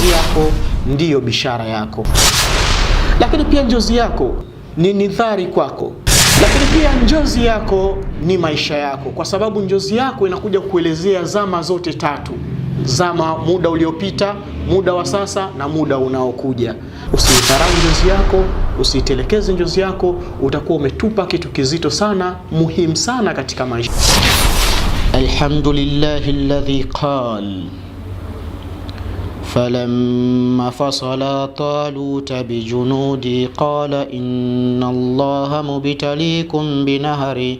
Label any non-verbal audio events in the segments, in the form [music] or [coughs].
njozi yako ndiyo bishara yako, lakini pia njozi yako ni nidhari kwako, lakini pia njozi yako ni maisha yako, kwa sababu njozi yako inakuja kuelezea zama zote tatu zama muda uliopita, muda wa sasa na muda unaokuja. Usiidharau njozi yako, usiitelekeze njozi yako, utakuwa umetupa kitu kizito sana, muhimu sana katika maisha. Alhamdulillahi alladhi qala فلما فصل طالوت بجنودي قال إن الله مبتليكم بنهر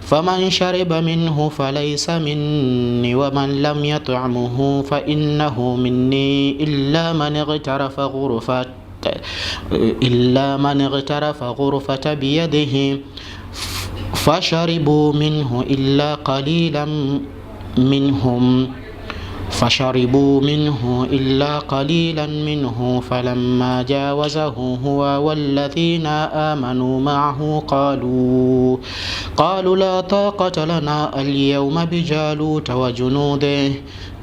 فمن شرب منه فليس مني ومن لم يطعمه فإنه مني إلا من اغترف غرفة إلا من اغترف غرفة بيده فشربوا منه إلا قليلا منهم فشربوا منه إلا قليلا منه فلما جاوزه هو والذين آمنوا معه قالوا قالوا لا طاقة لنا اليوم بجالوت وجنوده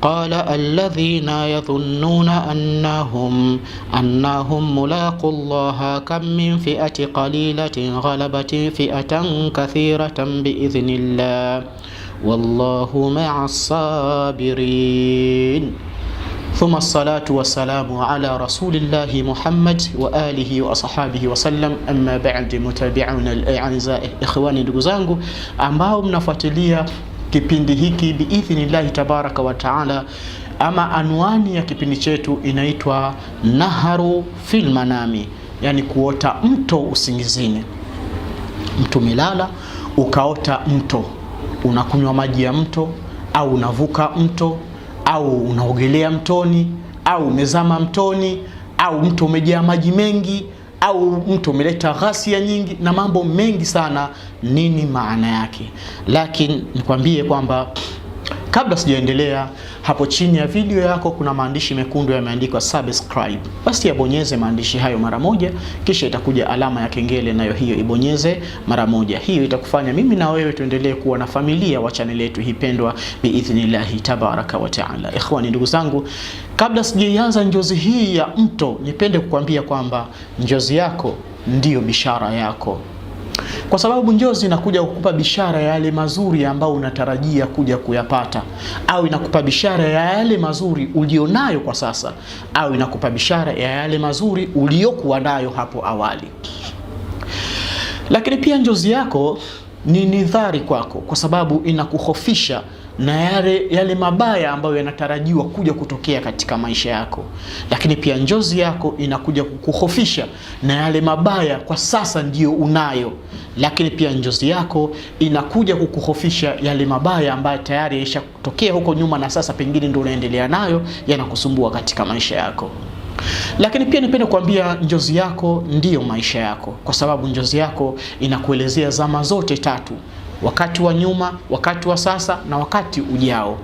قال الذين يظنون أنهم أنهم ملاقوا الله كم من فئة قليلة غلبت فئة كثيرة بإذن الله wallahu maa sabirin. Thumma salatu wassalamu ala rasulillahi Muhammad wa alihi wa ashabihi wasallam, amma ba'd. Mutabiuna laza ikhwani, ndugu zangu ambao mnafuatilia kipindi hiki biidhnillahi tabaraka wa taala. Ama anwani ya kipindi chetu inaitwa naharu fil manami, yani kuota mto usingizini. Mtu milala ukaota mto unakunywa maji ya mto au unavuka mto au unaogelea mtoni au umezama mtoni au mto umejaa maji mengi au mto umeleta ghasia nyingi na mambo mengi sana. Nini maana yake? Lakini nikwambie kwamba Kabla sijaendelea, hapo chini ya video yako kuna maandishi mekundu yameandikwa subscribe. Basi yabonyeze maandishi hayo mara moja, kisha itakuja alama ya kengele, nayo hiyo ibonyeze mara moja. Hiyo itakufanya mimi na wewe tuendelee kuwa na familia wa chaneli yetu hipendwa, biidhnillahi tabaraka wa taala. Ikhwani, ndugu zangu, kabla sijaianza njozi hii ya mto, nipende kukwambia kwamba njozi yako ndiyo bishara yako kwa sababu njozi inakuja kukupa bishara ya yale mazuri ambayo unatarajia kuja kuyapata, au inakupa bishara ya yale mazuri ulionayo kwa sasa, au inakupa bishara ya yale mazuri uliyokuwa nayo hapo awali. Lakini pia njozi yako ni nidhari kwako, kwa sababu inakuhofisha na yale, yale mabaya ambayo yanatarajiwa kuja kutokea katika maisha yako, lakini pia njozi yako inakuja kukuhofisha na yale mabaya kwa sasa ndiyo unayo, lakini pia njozi yako inakuja kukuhofisha yale mabaya ambayo tayari yashatokea huko nyuma na sasa pengine ndio unaendelea nayo, yanakusumbua katika maisha yako lakini pia nipende kuambia njozi yako ndiyo maisha yako, kwa sababu njozi yako inakuelezea zama zote tatu wakati wa nyuma, wakati wa sasa na wakati ujao.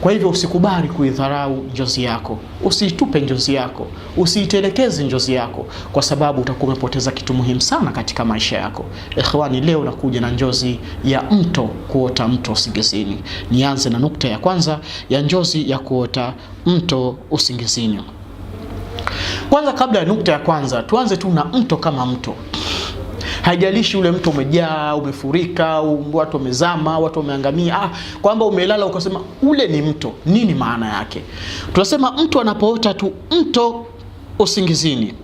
Kwa hivyo usikubali kuidharau njozi yako, usiitupe njozi yako, usiitelekeze njozi yako, kwa sababu utakuwa umepoteza kitu muhimu sana katika maisha yako. Ikhwani, leo nakuja na njozi ya mto kuota mto usingizini. Nianze na nukta ya kwanza ya njozi ya kuota mto usingizini. Kwanza, kabla ya nukta ya kwanza, tuanze tu na mto kama mto. Haijalishi ule mto umejaa, umefurika, watu wamezama, watu wameangamia, ah, kwamba umelala ukasema ule ni mto. Nini maana yake? Tunasema mtu anapoota tu mto usingizini,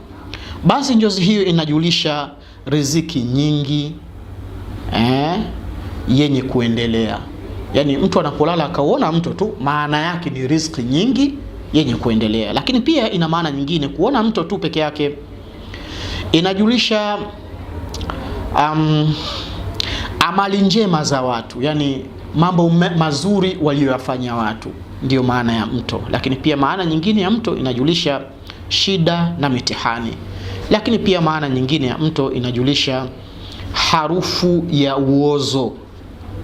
basi njozi hiyo inajulisha riziki nyingi eh, yenye kuendelea. Yaani mtu anapolala akauona mto tu, maana yake ni riziki nyingi yenye kuendelea. Lakini pia ina maana nyingine, kuona mto tu peke yake inajulisha um, amali njema za watu, yani mambo mazuri waliyoyafanya watu, ndiyo maana ya mto. Lakini pia maana nyingine ya mto inajulisha shida na mitihani, lakini pia maana nyingine ya mto inajulisha harufu ya uozo,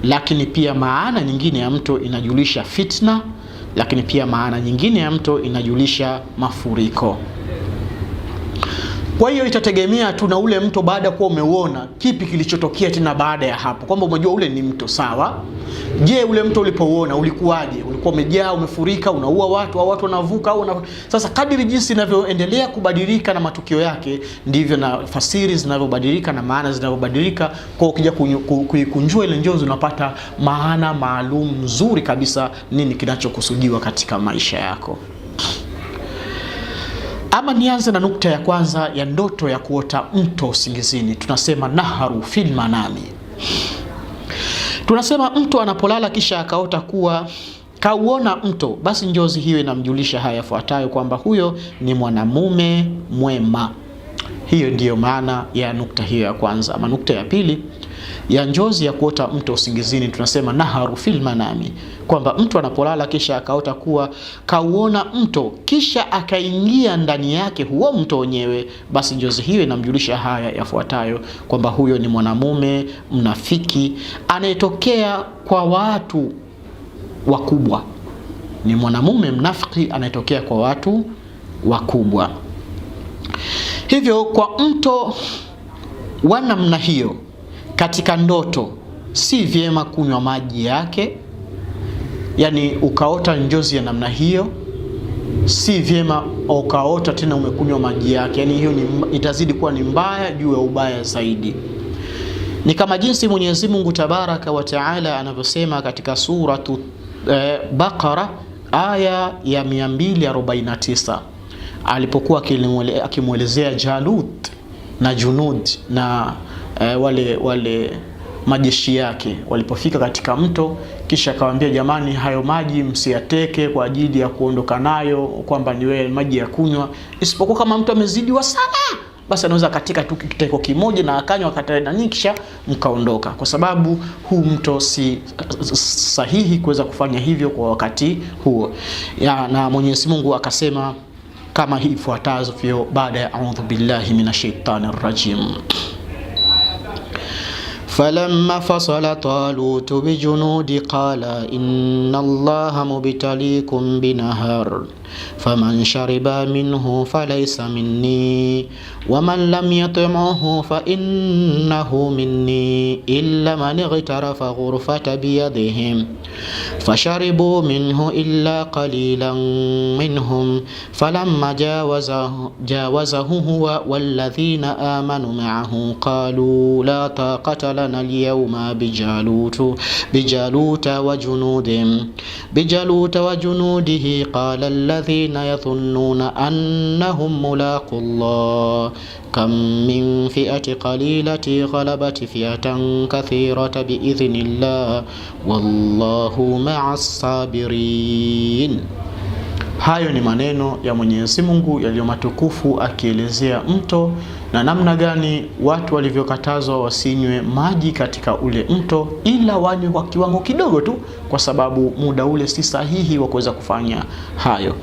lakini pia maana nyingine ya mto inajulisha fitna, lakini pia maana nyingine ya mto inajulisha mafuriko. Kwa hiyo itategemea tu na ule mto baada ya kuwa umeuona, kipi kilichotokea tena baada ya hapo, kwamba umejua ule ni mto sawa. Je, ule mto ulipouona ulikuwaje? Ulikuwa umejaa, umefurika, unaua watu au watu wanavuka au una... Sasa kadiri jinsi inavyoendelea kubadilika na matukio yake, ndivyo na fasiri zinavyobadilika na maana zinavyobadilika. Kwa ukija kuikunjua ile njozi, unapata maana maalum nzuri kabisa, nini kinachokusudiwa katika maisha yako. Ama nianze na nukta ya kwanza ya ndoto ya kuota mto usingizini, tunasema naharu fil manami. Tunasema mtu anapolala kisha akaota kuwa kauona mto, basi njozi hiyo inamjulisha haya yafuatayo kwamba huyo ni mwanamume mwema. Hiyo ndiyo maana ya nukta hiyo ya kwanza. Ama nukta ya pili ya njozi ya kuota mto usingizini, tunasema naharu fil manami, kwamba mtu anapolala kisha akaota kuwa kauona mto kisha akaingia ndani yake huo mto wenyewe, basi njozi hiyo inamjulisha haya yafuatayo, kwamba huyo ni mwanamume mnafiki anayetokea kwa watu wakubwa. Ni mwanamume mnafiki anayetokea kwa watu wakubwa. Hivyo kwa mto wa namna hiyo katika ndoto si vyema kunywa maji yake, yaani ukaota njozi ya namna hiyo, si vyema ukaota tena umekunywa maji yake, yaani hiyo ni, itazidi kuwa ni mbaya juu ya ubaya zaidi. Ni kama jinsi Mwenyezi Mungu Tabaraka wa Taala anavyosema katika suratu eh, Baqara aya ya 249 alipokuwa akimwelezea Jalut na Junud na eh, wale wale majeshi yake walipofika katika mto, kisha akawaambia, jamani, hayo maji msiyateke kwa ajili ya kuondoka nayo, kwamba ni wewe maji ya kunywa, isipokuwa kama mtu amezidiwa sana, basi anaweza katika tu kiteko kimoja na akanywa akatadanini, kisha mkaondoka, kwa sababu huu mto si sahihi kuweza kufanya hivyo kwa wakati huo ya, na Mwenyezi Mungu akasema kama hii hifuatavyo baada ya audhu billahi minashaitani rajim فلما فصل طالوت بجنود قال إن الله مبتليكم بنهر فمن شرب منه فليس مني ومن لم يطعمه فإنه مني إلا من اغترف غرفة بيدهم فشربوا منه إلا قليلا منهم فلما جاوزه, جاوزه هو والذين آمنوا معه قالوا لا طاقة لنا اليوم بجالوت بجالوت وجنودهم بجالوت وجنوده قال الذين يظنون أنهم ملاقوا الله كم من فئة قليلة غلبت فئة كثيرة بإذن الله والله مع الصابرين. Hayo ni maneno ya Mwenyezi Mungu yaliyo matukufu akielezea mto na namna gani watu walivyokatazwa wasinywe maji katika ule mto, ila wanywe kwa kiwango kidogo tu, kwa sababu muda ule si sahihi wa kuweza kufanya hayo.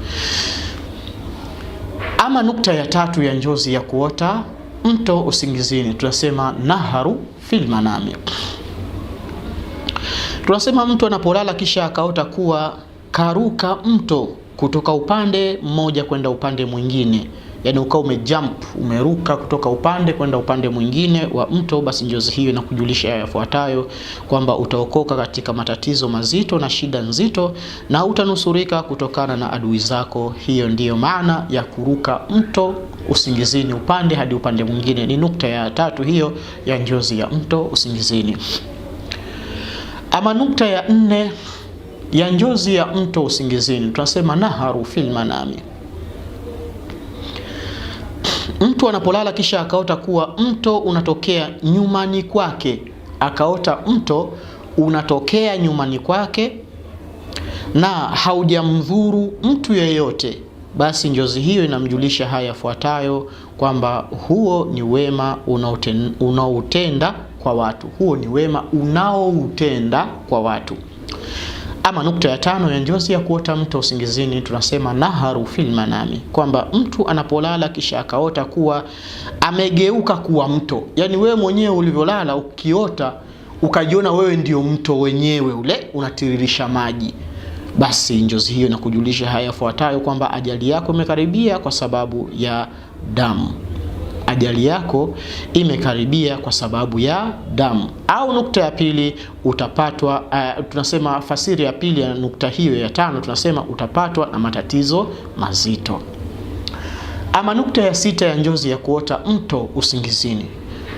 Ama nukta ya tatu ya njozi ya kuota mto usingizini, tunasema naharu fil manami. Tunasema mtu anapolala kisha akaota kuwa karuka mto kutoka upande mmoja kwenda upande mwingine yani ukawa umejump umeruka kutoka upande kwenda upande mwingine wa mto, basi njozi hiyo inakujulisha yafuatayo kwamba utaokoka katika matatizo mazito na shida nzito na utanusurika kutokana na adui zako. Hiyo ndiyo maana ya kuruka mto usingizini upande hadi upande mwingine. Ni nukta ya tatu hiyo ya njozi ya mto usingizini. Ama nukta ya nne ya njozi ya mto usingizini tunasema naharu fil manami Mtu anapolala kisha akaota kuwa mto unatokea nyumani kwake, akaota mto unatokea nyumani kwake na haujamdhuru mtu yeyote, basi njozi hiyo inamjulisha haya yafuatayo kwamba huo ni wema unaoutenda kwa watu, huo ni wema unaoutenda kwa watu. Ama nukta ya tano ya njozi ya kuota mto usingizini tunasema naharu fil manami, kwamba mtu anapolala kisha akaota kuwa amegeuka kuwa mto, yaani wewe mwenyewe ulivyolala ukiota ukajiona wewe ndio mto wenyewe ule unatiririsha maji, basi njozi hiyo inakujulisha haya yafuatayo, kwamba ajali yako imekaribia kwa sababu ya damu ajali yako imekaribia kwa sababu ya damu. Au nukta ya pili utapatwa, uh, tunasema fasiri ya pili ya nukta hiyo ya tano tunasema utapatwa na matatizo mazito. Ama nukta ya sita ya njozi ya kuota mto usingizini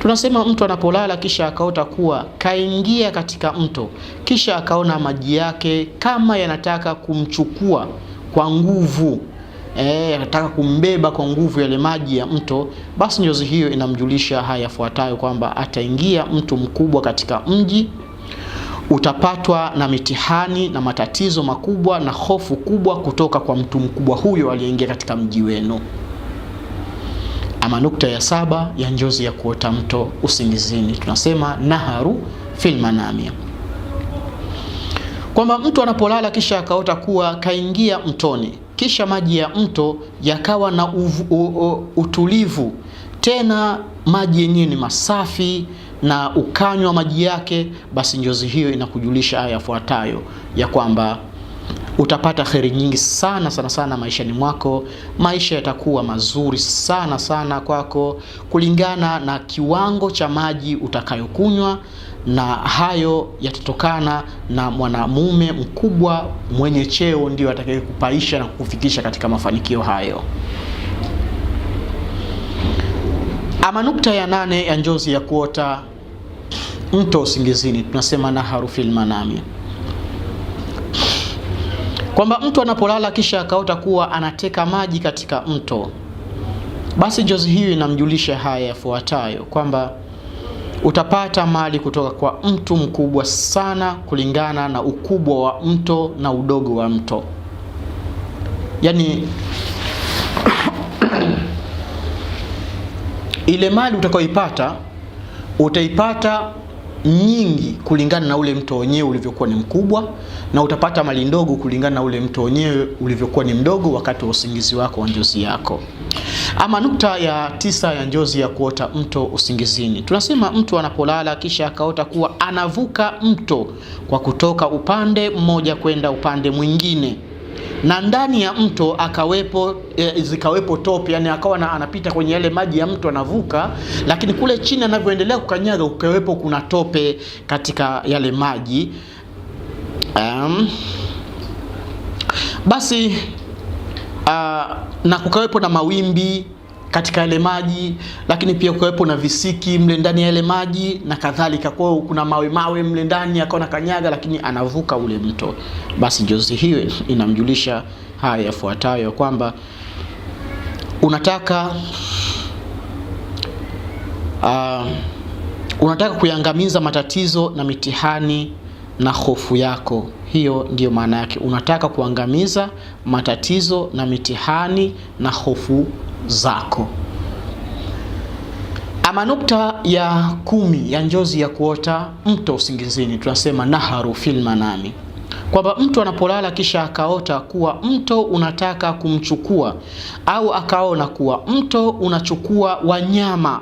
tunasema mtu anapolala kisha akaota kuwa kaingia katika mto, kisha akaona maji yake kama yanataka kumchukua kwa nguvu e, eh, anataka kumbeba kwa nguvu yale maji ya mto, basi njozi hiyo inamjulisha haya yafuatayo kwamba ataingia mtu mkubwa katika mji, utapatwa na mitihani na matatizo makubwa na hofu kubwa kutoka kwa mtu mkubwa huyo aliyeingia katika mji wenu. Ama nukta ya saba ya njozi ya kuota mto usingizini, tunasema naharu fil manami, kwamba mtu anapolala kisha akaota kuwa kaingia mtoni kisha maji ya mto yakawa na uvu, u, u, utulivu tena maji yenyewe ni masafi na ukanywa maji yake, basi njozi hiyo inakujulisha haya yafuatayo ya kwamba utapata kheri nyingi sana sana sana maishani mwako. Maisha yatakuwa mazuri sana sana kwako kulingana na kiwango cha maji utakayokunywa, na hayo yatatokana na mwanamume mkubwa mwenye cheo, ndio atakayekupaisha na kukufikisha katika mafanikio hayo. Ama nukta ya nane ya njozi ya kuota mto usingizini tunasema na harufil manami kwamba mtu anapolala kisha akaota kuwa anateka maji katika mto, basi jozi hii inamjulisha haya yafuatayo kwamba utapata mali kutoka kwa mtu mkubwa sana kulingana na ukubwa wa mto na udogo wa mto. Yaani [coughs] ile mali utakayoipata utaipata nyingi kulingana na ule mto wenyewe ulivyokuwa ni mkubwa, na utapata mali ndogo kulingana na ule mto wenyewe ulivyokuwa ni mdogo wakati wa usingizi wako wa njozi yako. Ama nukta ya tisa ya njozi ya kuota mto usingizini, tunasema mtu anapolala kisha akaota kuwa anavuka mto kwa kutoka upande mmoja kwenda upande mwingine na ndani ya mto akawepo e, zikawepo tope, yani akawa na, anapita kwenye yale maji ya mto anavuka, lakini kule chini anavyoendelea kukanyaga ukawepo kuna tope katika yale maji um, basi uh, na kukawepo na mawimbi katika yale maji, lakini pia kuwepo na visiki mle ndani ya yale maji na kadhalika. Kwa hiyo kuna mawe mawe mle ndani, akaona kanyaga, lakini anavuka ule mto. Basi njozi hiyo inamjulisha haya yafuatayo kwamba unataka uh, unataka kuyangamiza matatizo na mitihani na hofu yako. Hiyo ndiyo maana yake, unataka kuangamiza matatizo na mitihani na hofu zako. Ama nukta ya kumi ya njozi ya kuota mto usingizini, tunasema naharu fil manami, kwamba mtu anapolala kisha akaota kuwa mto unataka kumchukua au akaona kuwa mto unachukua wanyama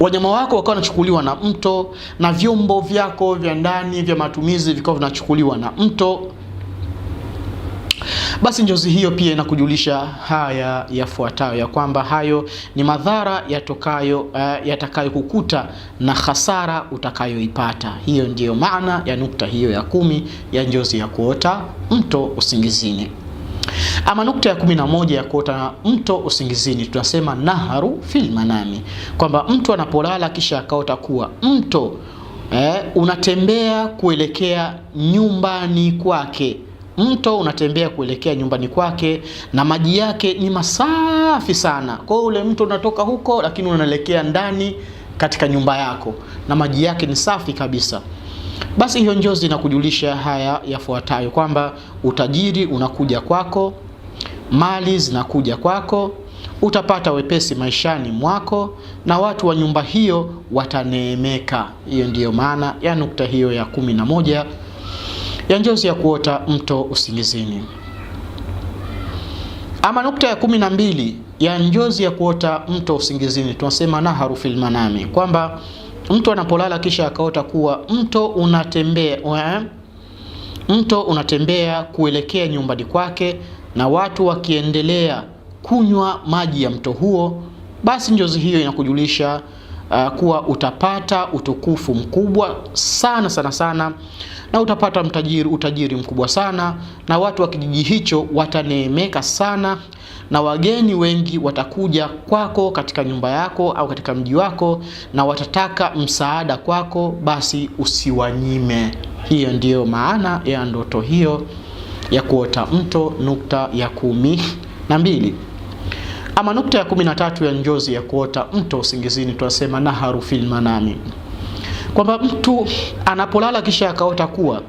wanyama wako wakawa wanachukuliwa na mto, na vyombo vyako vya ndani vya matumizi vikawa vinachukuliwa na mto. Basi njozi hiyo pia inakujulisha haya yafuatayo, ya kwamba hayo ni madhara yatokayo uh, yatakayokukuta na hasara utakayoipata. Hiyo ndiyo maana ya nukta hiyo ya kumi ya njozi ya kuota mto usingizini. Ama nukta ya kumi na moja ya kuota mto usingizini tunasema naharu fil manami, kwamba mtu anapolala kisha akaota kuwa mto eh, unatembea kuelekea nyumbani kwake Mto unatembea kuelekea nyumbani kwake na maji yake ni masafi sana. Kwa hiyo ule mto unatoka huko, lakini unaelekea ndani katika nyumba yako na maji yake ni safi kabisa. Basi hiyo njozi inakujulisha haya yafuatayo kwamba utajiri unakuja kwako, mali zinakuja kwako, utapata wepesi maishani mwako na watu wa nyumba hiyo wataneemeka. Hiyo ndiyo maana ya nukta hiyo ya kumi na moja ya njozi ya kuota mto usingizini. Ama nukta ya kumi na mbili ya njozi ya kuota mto usingizini, tunasema naharu fil manami, kwamba mtu anapolala kisha akaota kuwa mto unatembea we, eh? mto unatembea kuelekea nyumbani kwake na watu wakiendelea kunywa maji ya mto huo, basi njozi hiyo inakujulisha uh, kuwa utapata utukufu mkubwa sana sana sana, na utapata mtajiri, utajiri mkubwa sana, na watu wa kijiji hicho wataneemeka sana, na wageni wengi watakuja kwako katika nyumba yako au katika mji wako, na watataka msaada kwako, basi usiwanyime. Hiyo ndiyo maana ya ndoto hiyo ya kuota mto, nukta ya kumi na mbili. Ama nukta ya tatu ya njozi ya kuota mto usingizini, tunasema naharu fil manami, kwamba mtu anapolala kisha akaota kuwa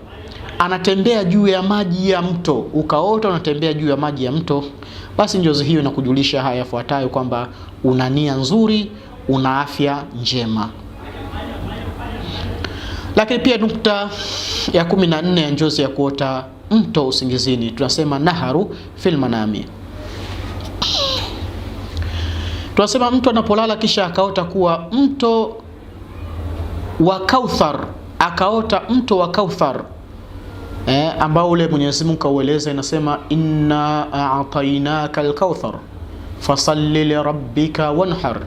anatembea juu ya maji ya mto, ukaota unatembea juu ya maji ya mto, basi njozi hiyo inakujulisha haya yafuatayo, kwamba una nia nzuri, una afya njema. Lakini pia nukta ya nne ya njozi ya kuota mto usingizini, tunasema naharu fil manami Tunasema mtu anapolala kisha akaota kuwa mto wa Kauthar, akaota mto wa Kauthar eh, ambao ule Mwenyezi Mungu kaueleza, inasema inna a'tainaka al-kauthar fasalli li rabbika wanhar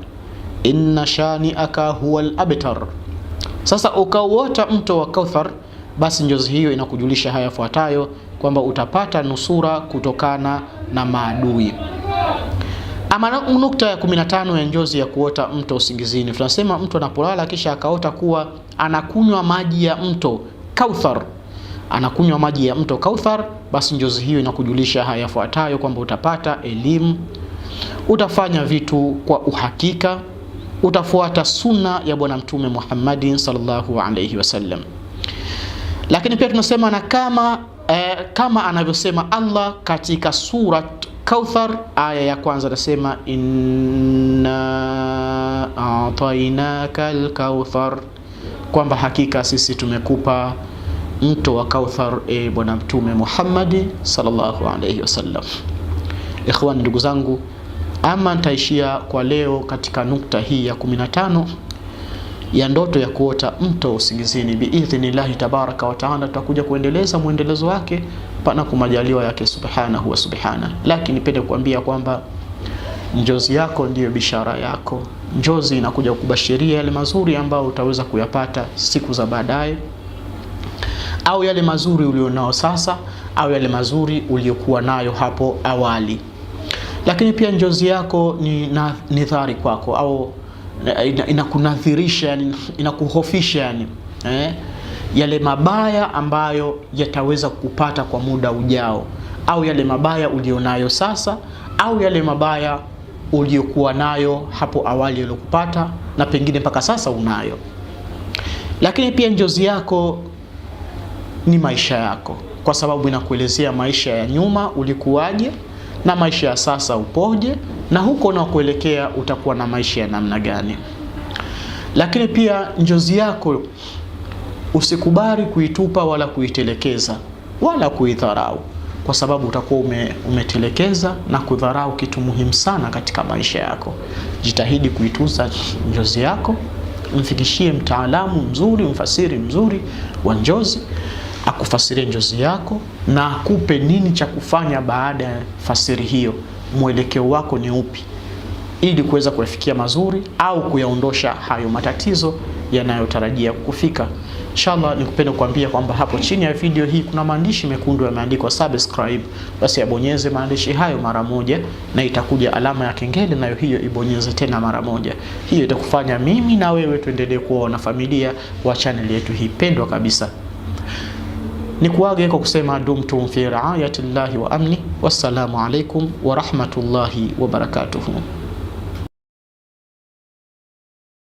inna shani'aka huwa al-abtar. Sasa ukauota mto wa Kauthar, basi njozi hiyo inakujulisha haya yafuatayo kwamba utapata nusura kutokana na maadui. Ama nukta ya 15 ya njozi ya kuota mto usingizini, tunasema mtu anapolala kisha akaota kuwa anakunywa maji ya mto Kauthar, anakunywa maji ya mto Kauthar, basi njozi hiyo inakujulisha haya yafuatayo kwamba utapata elimu, utafanya vitu kwa uhakika, utafuata sunna ya Bwana Mtume Muhammadin sallallahu alaihi wasallam. Lakini pia tunasema na kama eh, kama anavyosema Allah katika surat Kauthar aya ya kwanza nasema inna atainaka al-kauthar, kwamba hakika sisi tumekupa mto wa Kauthar, e Bwana Mtume Muhammad sallallahu alayhi wasallam. Ikhwan, ndugu zangu, ama nitaishia kwa leo katika nukta hii ya 15 ya ndoto ya kuota mto usingizini biidhnillahi tabaraka wa taala. Tutakuja kuendeleza mwendelezo wake pana kumajaliwa yake subhanahu wa subhana. Lakini nipende kuambia kwamba njozi yako ndiyo bishara yako. Njozi inakuja kukubashiria yale mazuri ambayo utaweza kuyapata siku za baadaye, au yale mazuri ulionao sasa, au yale mazuri uliyokuwa nayo hapo awali. Lakini pia njozi yako ni nidhari kwako au Eh, inakunadhirisha yani, inakuhofisha yani eh, yale mabaya ambayo yataweza kupata kwa muda ujao, au yale mabaya ulionayo sasa, au yale mabaya uliokuwa nayo hapo awali uliokupata na pengine mpaka sasa unayo. Lakini pia njozi yako ni maisha yako, kwa sababu inakuelezea maisha ya nyuma ulikuwaje na maisha ya sasa upoje, na huko unakoelekea utakuwa na maisha ya namna gani. Lakini pia njozi yako usikubali kuitupa wala kuitelekeza wala kuidharau, kwa sababu utakuwa ume, umetelekeza na kudharau kitu muhimu sana katika maisha yako. Jitahidi kuitunza njozi yako, mfikishie mtaalamu mzuri, mfasiri mzuri wa njozi akufasirie njozi yako na akupe nini cha kufanya baada ya fasiri hiyo, mwelekeo wako ni upi, ili kuweza kuyafikia mazuri au kuyaondosha hayo matatizo yanayotarajia kufika. Inshallah, nikupenda kukwambia kwamba hapo chini ya video hii kuna maandishi mekundu yameandikwa subscribe, basi yabonyeze maandishi hayo mara moja, na itakuja alama ya kengele, nayo hiyo ibonyeze tena mara moja. Hiyo itakufanya mimi na wewe tuendelee kuwa wanafamilia wa channel yetu hii pendwa kabisa ni kuaga kwa kusema dumtum fi riayati llahi wa amni, wassalamu alaikum wa rahmatullahi wa barakatuhu.